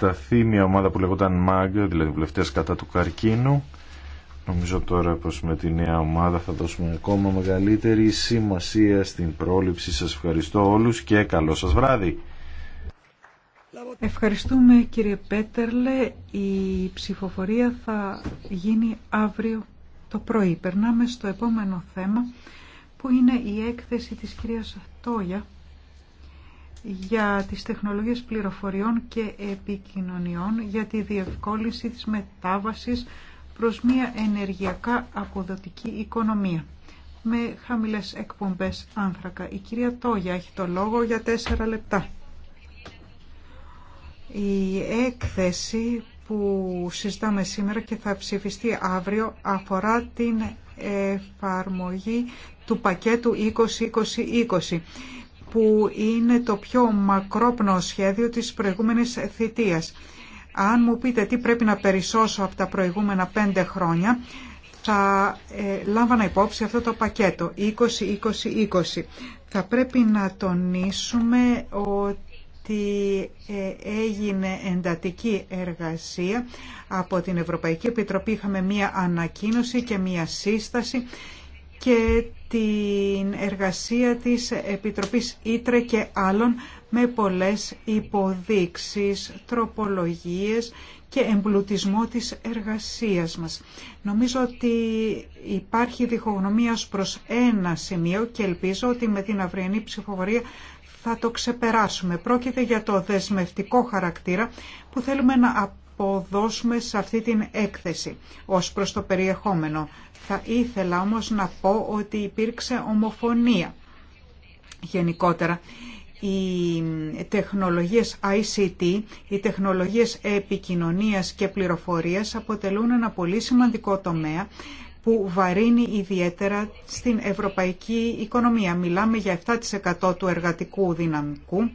Σταθεί μια ομάδα που λεγόταν MAG, δηλαδή βουλευτές κατά του καρκίνου. Νομίζω τώρα πως με τη νέα ομάδα θα δώσουμε ακόμα μεγαλύτερη σημασία στην πρόληψη. Σας ευχαριστώ όλους και καλό σας βράδυ. Ευχαριστούμε κύριε Πέτερλε. Η ψηφοφορία θα γίνει αύριο το πρωί. Περνάμε στο επόμενο θέμα που είναι η έκθεση της κυρίας Τόγια για τις τεχνολογίες πληροφοριών και επικοινωνιών για τη διευκόλυνση της μετάβασης προς μια ενεργειακά αποδοτική οικονομία με χαμηλές εκπομπές άνθρακα. Η κυρία Τόγια έχει το λόγο για τέσσερα λεπτά. Η έκθεση που συζητάμε σήμερα και θα ψηφιστεί αύριο αφορά την εφαρμογή του πακέτου 2020-2020 που είναι το πιο μακρόπνο σχέδιο της προηγούμενης θητείας. Αν μου πείτε τι πρέπει να περισσώσω από τα προηγούμενα πέντε χρόνια, θα ε, υπόψη αυτό το πακέτο 20-20-20. Θα πρέπει να τονίσουμε ότι ε, έγινε εντατική εργασία από την Ευρωπαϊκή Επιτροπή. Είχαμε μία ανακοίνωση και μία σύσταση και την εργασία της Επιτροπής Ήτρε και άλλων με πολλές υποδείξεις, τροπολογίες και εμπλουτισμό της εργασίας μας. Νομίζω ότι υπάρχει διχογνωμία ως προς ένα σημείο και ελπίζω ότι με την αυριανή ψηφοφορία θα το ξεπεράσουμε. Πρόκειται για το δεσμευτικό χαρακτήρα που θέλουμε να αποδώσουμε σε αυτή την έκθεση ως προς το περιεχόμενο. Θα ήθελα όμως να πω ότι υπήρξε ομοφωνία γενικότερα. Οι τεχνολογίες ICT, οι τεχνολογίες επικοινωνίας και πληροφορίας αποτελούν ένα πολύ σημαντικό τομέα που βαρύνει ιδιαίτερα στην ευρωπαϊκή οικονομία. Μιλάμε για 7% του εργατικού δυναμικού,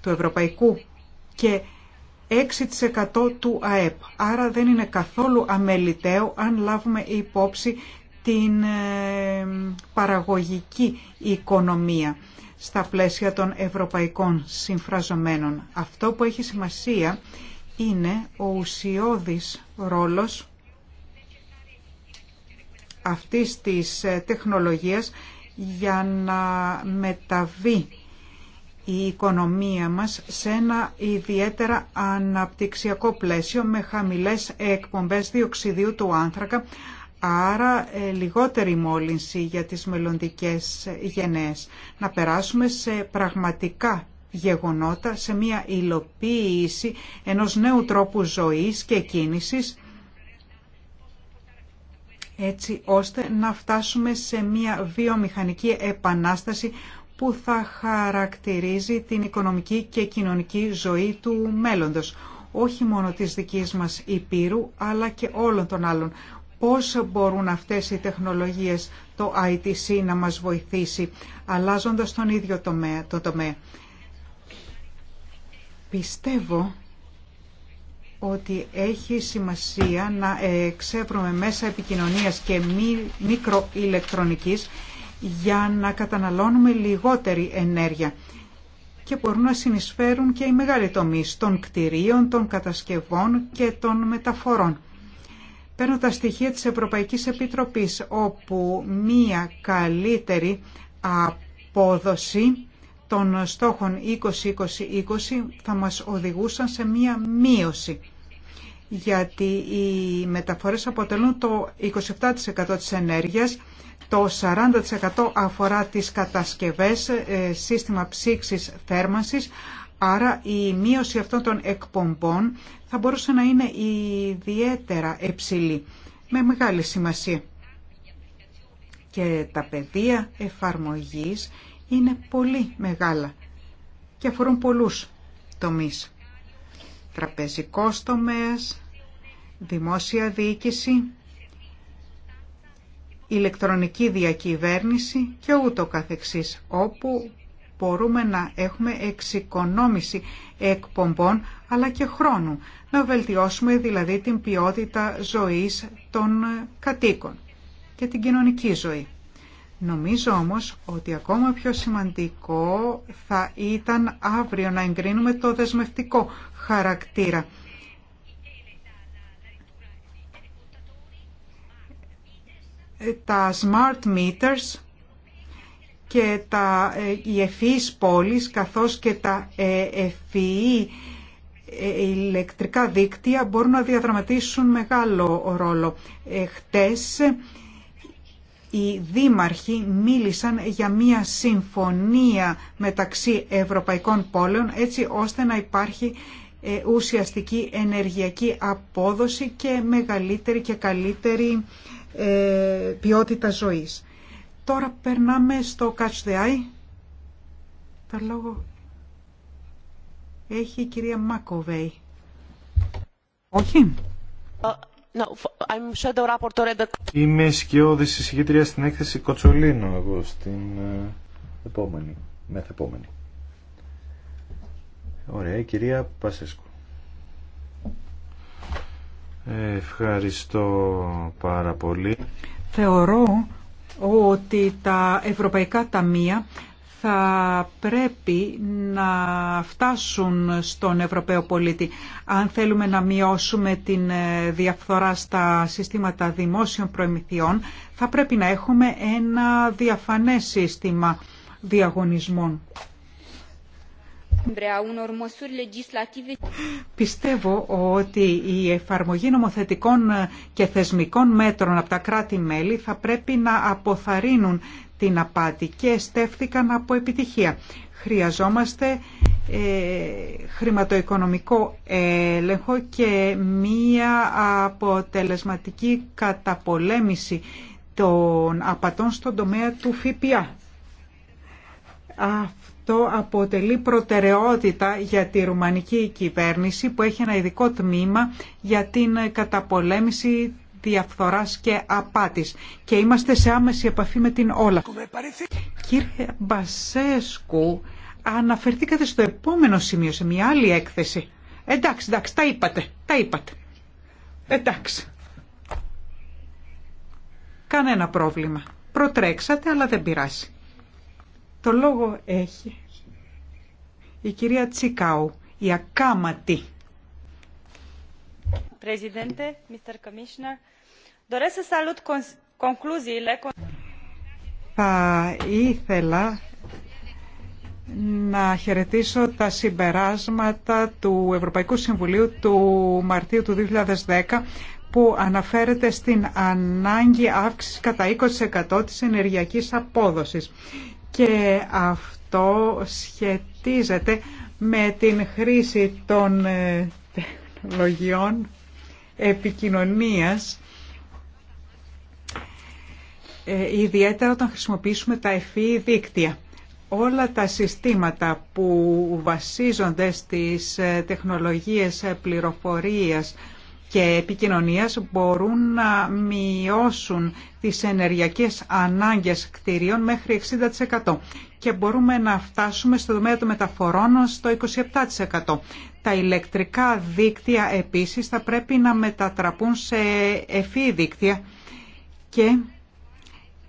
του ευρωπαϊκού και 6% του ΑΕΠ. Άρα δεν είναι καθόλου αμεληταίο αν λάβουμε υπόψη την ε, παραγωγική οικονομία στα πλαίσια των ευρωπαϊκών συμφραζομένων. Αυτό που έχει σημασία είναι ο ουσιώδης ρόλος αυτής της ε, τεχνολογίας για να μεταβεί η οικονομία μας σε ένα ιδιαίτερα αναπτυξιακό πλαίσιο με χαμηλές εκπομπές διοξιδίου του άνθρακα, άρα ε, λιγότερη μόλυνση για τις μελλοντικές γενναίες. Να περάσουμε σε πραγματικά γεγονότα, σε μια υλοποίηση ενός νέου τρόπου ζωής και κίνησης, έτσι ώστε να φτάσουμε σε μια βιομηχανική επανάσταση που θα χαρακτηρίζει την οικονομική και κοινωνική ζωή του μέλλοντος, όχι μόνο της δικής μας Υπήρου, αλλά και όλων των άλλων. Πώς μπορούν αυτές οι τεχνολογίες, το ITC, να μας βοηθήσει, αλλάζοντας τον ίδιο τομέα, το τομέα. Πιστεύω ότι έχει σημασία να εξεύρουμε μέσα επικοινωνίας και μικροηλεκτρονικής για να καταναλώνουμε λιγότερη ενέργεια και μπορούν να συνεισφέρουν και οι μεγάλοι τομεί των κτηρίων, των κατασκευών και των μεταφορών. Παίρνω τα στοιχεία της Ευρωπαϊκής Επιτροπής, όπου μία καλύτερη απόδοση των στόχων 20-20-20 θα μας οδηγούσαν σε μία μείωση γιατί οι μεταφορές αποτελούν το 27% της ενέργειας, το 40% αφορά τις κατασκευές, ε, σύστημα ψήξης θέρμανσης, άρα η μείωση αυτών των εκπομπών θα μπορούσε να είναι ιδιαίτερα υψηλή, με μεγάλη σημασία. Και τα πεδία εφαρμογής είναι πολύ μεγάλα και αφορούν πολλούς τομείς τραπεζικός τομέας, δημόσια διοίκηση, ηλεκτρονική διακυβέρνηση και ούτω καθεξής, όπου μπορούμε να έχουμε εξοικονόμηση εκπομπών αλλά και χρόνου, να βελτιώσουμε δηλαδή την ποιότητα ζωής των κατοίκων και την κοινωνική ζωή. Νομίζω όμως ότι ακόμα πιο σημαντικό θα ήταν αύριο να εγκρίνουμε το δεσμευτικό χαρακτήρα. Τα smart meters και τα, ε, οι ευφυείς πόλεις καθώς και τα ε, ευφυή ε, ηλεκτρικά δίκτυα μπορούν να διαδραματίσουν μεγάλο ρόλο. Ε, οι δήμαρχοι μίλησαν για μια συμφωνία μεταξύ ευρωπαϊκών πόλεων έτσι ώστε να υπάρχει ε, ουσιαστική ενεργειακή απόδοση και μεγαλύτερη και καλύτερη ε, ποιότητα ζωής. Τώρα περνάμε στο Catch the Eye. λόγο έχει η κυρία Μάκοβέη. Όχι. Ε, Είμαι σκιώδης εισηγήτρια στην έκθεση Κοτσολίνο εγώ στην ε, επόμενη, μεθεπόμενη. Ωραία, η κυρία Πασέσκου. Ευχαριστώ πάρα πολύ. Θεωρώ ότι τα ευρωπαϊκά ταμεία θα πρέπει να φτάσουν στον Ευρωπαίο πολίτη. Αν θέλουμε να μειώσουμε την ε, διαφθορά στα συστήματα δημόσιων προμηθειών, θα πρέπει να έχουμε ένα διαφανές σύστημα διαγωνισμών. Πιστεύω ότι η εφαρμογή νομοθετικών και θεσμικών μέτρων από τα κράτη-μέλη θα πρέπει να αποθαρρύνουν την απάτη και στέφθηκαν από επιτυχία. Χρειαζόμαστε ε, χρηματοοικονομικό έλεγχο και μία αποτελεσματική καταπολέμηση των απατών στον τομέα του ΦΠΑ. Αυτό αποτελεί προτεραιότητα για τη ρουμανική κυβέρνηση που έχει ένα ειδικό τμήμα για την καταπολέμηση διαφθοράς και απάτης και είμαστε σε άμεση επαφή με την όλα. Κύριε Μπασέσκου, αναφερθήκατε στο επόμενο σημείο, σε μια άλλη έκθεση. Εντάξει, εντάξει, τα είπατε, τα είπατε. Εντάξει. Κανένα πρόβλημα. Προτρέξατε, αλλά δεν πειράσει. Το λόγο έχει η κυρία Τσικάου, η ακάματη θα ήθελα να χαιρετήσω τα συμπεράσματα του Ευρωπαϊκού Συμβουλίου του Μαρτίου του 2010 που αναφέρεται στην ανάγκη αύξησης κατά 20% της ενεργειακής απόδοσης. Και αυτό σχετίζεται με την χρήση των ε, τεχνολογιών επικοινωνίας, ε, ιδιαίτερα όταν χρησιμοποιήσουμε τα ευφύ δίκτυα. Όλα τα συστήματα που βασίζονται στις ε, τεχνολογίες πληροφορίας, και επικοινωνίας μπορούν να μειώσουν τις ενεργειακές ανάγκες κτηρίων μέχρι 60% και μπορούμε να φτάσουμε στο τομέα των μεταφορών στο 27%. Τα ηλεκτρικά δίκτυα επίσης θα πρέπει να μετατραπούν σε ευφύ δίκτυα και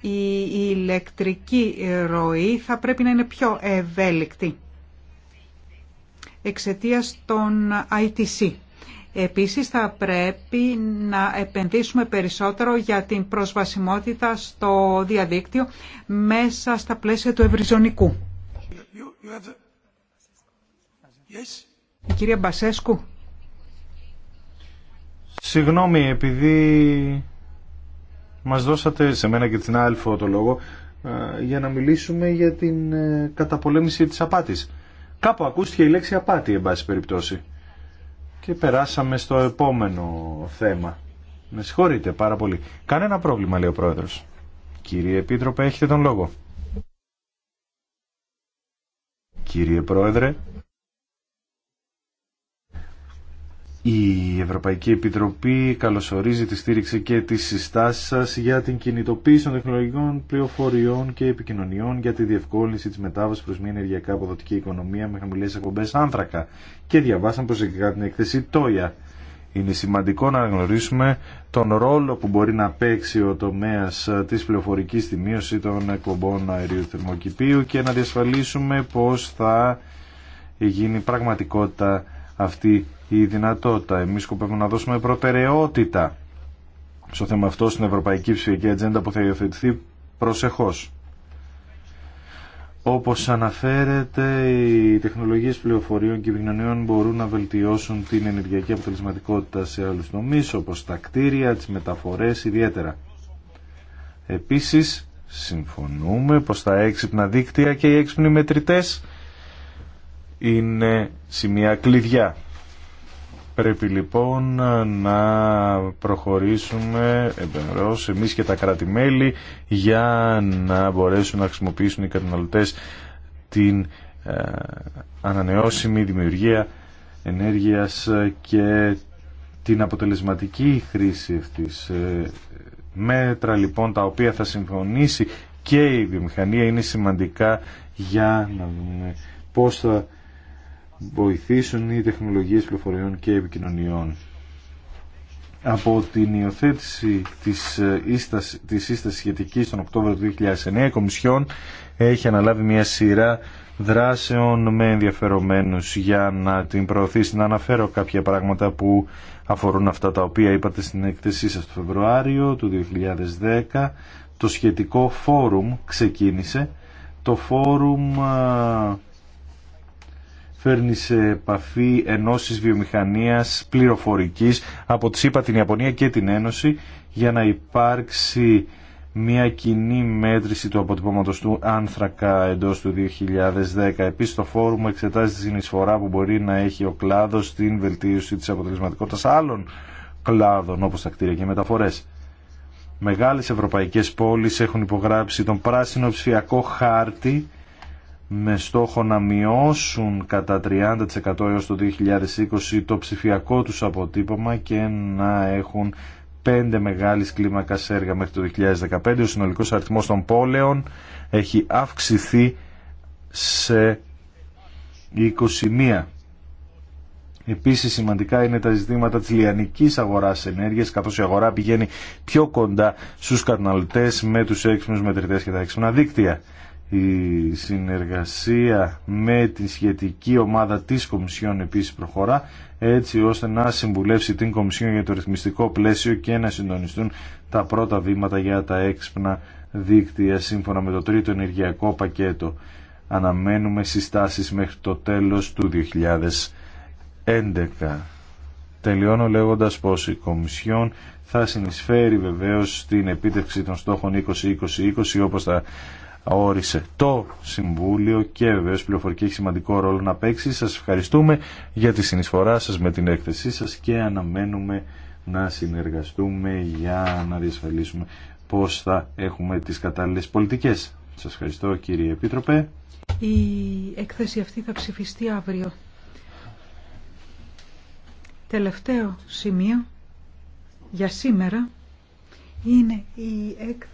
η ηλεκτρική ροή θα πρέπει να είναι πιο ευέλικτη εξαιτίας των ITC. Επίσης θα πρέπει να επενδύσουμε περισσότερο για την προσβασιμότητα στο διαδίκτυο μέσα στα πλαίσια του ευρυζωνικού. κυρία Μπασέσκου. Συγγνώμη, επειδή μας δώσατε σε μένα και την άλφο το λόγο ε, για να μιλήσουμε για την ε, καταπολέμηση της απάτης. Κάπου ακούστηκε η λέξη απάτη, εν πάση περιπτώσει. Και περάσαμε στο επόμενο θέμα. Με συγχωρείτε πάρα πολύ. Κανένα πρόβλημα, λέει ο Πρόεδρος. Κύριε Επίτροπε, έχετε τον λόγο. Κύριε Πρόεδρε, Η Ευρωπαϊκή Επιτροπή καλωσορίζει τη στήριξη και τις συστάσεις σας για την κινητοποίηση των τεχνολογικών πληροφοριών και επικοινωνιών για τη διευκόλυνση της μετάβασης προς μια ενεργειακά αποδοτική οικονομία με χαμηλές εκπομπές άνθρακα και διαβάσαν προσεκτικά την έκθεση ΤΟΙΑ. Είναι σημαντικό να γνωρίσουμε τον ρόλο που μπορεί να παίξει ο τομέας της πληροφορική στη μείωση των εκπομπών αερίου θερμοκηπίου και να διασφαλίσουμε πώς θα γίνει πραγματικότητα αυτή η δυνατότητα. Εμείς σκοπεύουμε να δώσουμε προτεραιότητα στο θέμα αυτό στην Ευρωπαϊκή Ψηφιακή Ατζέντα που θα υιοθετηθεί προσεχώς. Όπως αναφέρεται, οι τεχνολογίες πληροφοριών και επικοινωνιών μπορούν να βελτιώσουν την ενεργειακή αποτελεσματικότητα σε άλλους τομείς, όπως τα κτίρια, τις μεταφορές ιδιαίτερα. Επίσης, συμφωνούμε πως τα έξυπνα δίκτυα και οι έξυπνοι μετρητές είναι σημεία κλειδιά Πρέπει λοιπόν να προχωρήσουμε εμπερός εμείς και τα κράτη-μέλη για να μπορέσουν να χρησιμοποιήσουν οι καταναλωτές την ε, ανανεώσιμη δημιουργία ενέργειας και την αποτελεσματική χρήση αυτής. Ε, μέτρα λοιπόν τα οποία θα συμφωνήσει και η βιομηχανία είναι σημαντικά για να δούμε πώς θα βοηθήσουν οι τεχνολογίες πληροφοριών και επικοινωνιών. Από την υιοθέτηση της, ε, ίσταση, της σχετικής τον Οκτώβριο του 2009, η Κομισιόν έχει αναλάβει μια σειρά δράσεων με ενδιαφερομένους για να την προωθήσει. Να αναφέρω κάποια πράγματα που αφορούν αυτά τα οποία είπατε στην εκθεσή σας το Φεβρουάριο του 2010. Το σχετικό φόρουμ ξεκίνησε. Το φόρουμ φέρνει σε επαφή ενώσεις βιομηχανίας πληροφορικής από τη ΣΥΠΑ, την Ιαπωνία και την Ένωση για να υπάρξει μια κοινή μέτρηση του αποτυπώματος του άνθρακα εντός του 2010. Επίσης το φόρουμ εξετάζει τη συνεισφορά που μπορεί να έχει ο κλάδος στην βελτίωση της αποτελεσματικότητας άλλων κλάδων όπως τα κτίρια και οι μεταφορές. Μεγάλες ευρωπαϊκές πόλεις έχουν υπογράψει τον πράσινο ψηφιακό χάρτη με στόχο να μειώσουν κατά 30% έως το 2020 το ψηφιακό τους αποτύπωμα και να έχουν πέντε μεγάλης κλίμακας έργα μέχρι το 2015. Ο συνολικός αριθμός των πόλεων έχει αυξηθεί σε 21. Επίσης σημαντικά είναι τα ζητήματα της λιανικής αγοράς ενέργειας, καθώς η αγορά πηγαίνει πιο κοντά στους καταναλωτές με τους έξυπνους μετρητές και τα έξυπνα δίκτυα. Η συνεργασία με τη σχετική ομάδα της Κομισιόν επίσης προχωρά έτσι ώστε να συμβουλεύσει την Κομισιόν για το ρυθμιστικό πλαίσιο και να συντονιστούν τα πρώτα βήματα για τα έξυπνα δίκτυα σύμφωνα με το τρίτο ενεργειακό πακέτο. Αναμένουμε συστάσεις μέχρι το τέλος του 2011. Τελειώνω λέγοντας πως η Κομισιόν θα συνεισφέρει βεβαίως στην επίτευξη των στοχων 2020 2020-2020 όπως θα όρισε το Συμβούλιο και βεβαίως πληροφορική έχει σημαντικό ρόλο να παίξει. Σας ευχαριστούμε για τη συνεισφορά σας με την έκθεσή σας και αναμένουμε να συνεργαστούμε για να διασφαλίσουμε πώς θα έχουμε τις κατάλληλες πολιτικές. Σας ευχαριστώ κύριε Επίτροπε. Η έκθεση αυτή θα ψηφιστεί αύριο. Τελευταίο σημείο για σήμερα είναι η έκθεση